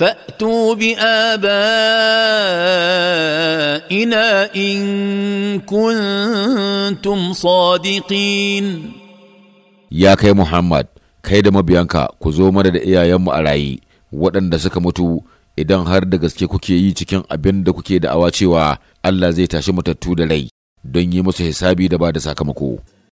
فاتوا بابائنا ان كنتم صادقين يا كي محمد kai da mabiyanka ku zo mana da iyayenmu a rayi waɗanda suka mutu idan har da gaske kuke yi cikin abin da kuke da'awa cewa Allah zai tashi matattu da rai don yi musu hisabi da ba da sakamako.